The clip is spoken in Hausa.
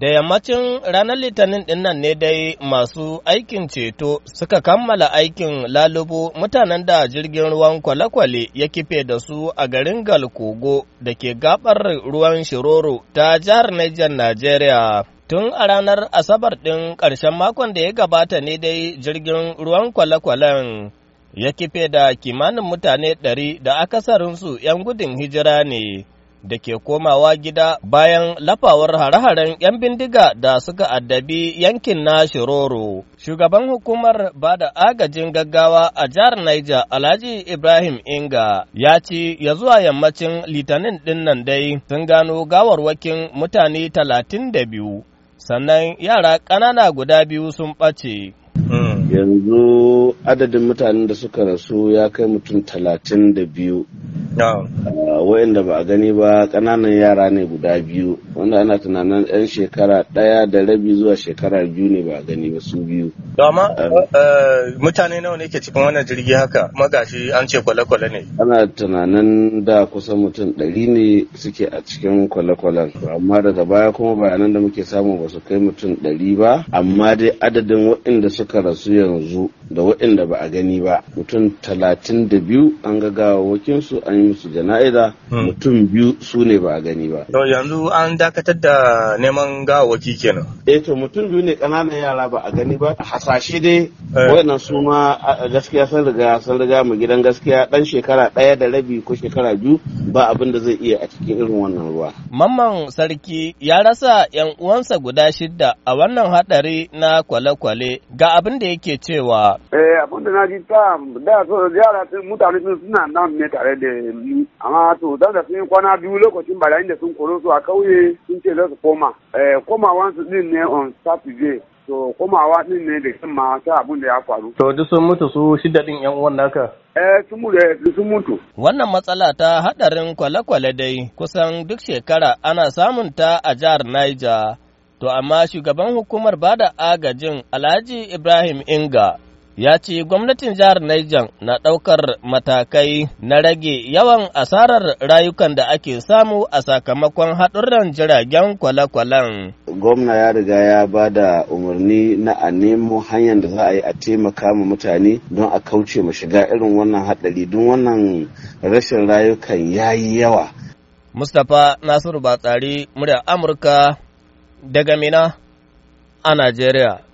Da yammacin ranar Litinin dinnan nan ne dai masu aikin ceto suka kammala aikin lalubo mutanen da jirgin ruwan kwale-kwale ya kife da su a garin Galkogo da ke gabar ruwan Shiroro ta jihar Niger Najeriya. Tun a ranar Asabar ɗin ƙarshen makon da ya gabata ne dai jirgin ruwan kwale-kwalen ya kife da kimanin mutane ɗari da akasarinsu 'yan gudun hijira ne. da ke komawa gida bayan lafawar hare-haren 'yan bindiga da suka addabi yankin na Shiroro. Shugaban hukumar ba da agajin gaggawa a jihar Niger Alhaji Ibrahim Inga ya ce ya zuwa yammacin litinin dinnan dai sun gano gawarwakin mutane talatin da biyu sannan yara ƙanana guda biyu sun ɓace. yanzu adadin mutanen da suka rasu ya kai mutum talatin da biyu wayanda ba a gani ba ƙananan yara ne guda biyu wanda ana tunanin 'yan shekara ɗaya da rabi zuwa shekara biyu ne ba a gani ba su biyu. Dama eh, mutane nawa ne ke cikin wannan jirgi haka magashi an ce kwale-kwale ne. Ana tunanin da kusan mutum ɗari ne suke a cikin kwale-kwalen amma daga baya kuma bayanan da muke samu ba su kai mutum ɗari ba amma dai adadin waɗanda suka rasu yanzu da waɗanda ba a gani ba mutum talatin da biyu an ga wakinsu an yi musu jana'iza Hmm. mutum biyu su ne ba gani ba. To yanzu an dakatar da neman gawawaki kenan. Eh to mutum biyu ne ƙananan yara ba a gani ba hasashe dai eh. waɗannan su ma gaskiya sun riga sun riga mu gidan gaskiya ɗan shekara ɗaya da rabi ko shekara biyu ba abin da zai iya a cikin irin wannan ruwa. Mamman sarki ya rasa 'yan uwansa guda shidda a wannan haɗari na kwale-kwale ga abin da yake cewa. Eh abin da na ji ta da yara mutane suna nan ne tare da amma su don da sun yi kwana biyu lokacin barayin da sun koro su a kauye sun ce za su koma eh, komawansu din ne on saturday to komawa din ne da ma ta abin da ya faru to duk sun mutu su shida din yan uwan naka eh sun mutu eh, sun mutu wannan matsala ta hadarin kwale-kwale dai kusan duk shekara ana samun ta a jihar Niger to amma shugaban hukumar bada agajin Alhaji Ibrahim Inga ya ce gwamnatin jihar Niger na ɗaukar matakai na rage yawan asarar rayukan da ake samu a sakamakon haɗurran jiragen kwale-kwalen. Gwamna ya riga ya ba da umarni na a nemo hanyar da za a yi a taimaka ma mutane don a kauce ma shiga irin wannan haɗari don wannan rashin rayukan ya yi yawa. Mustapha Nasiru Batsari, murya Amurka daga Mina a Najeriya.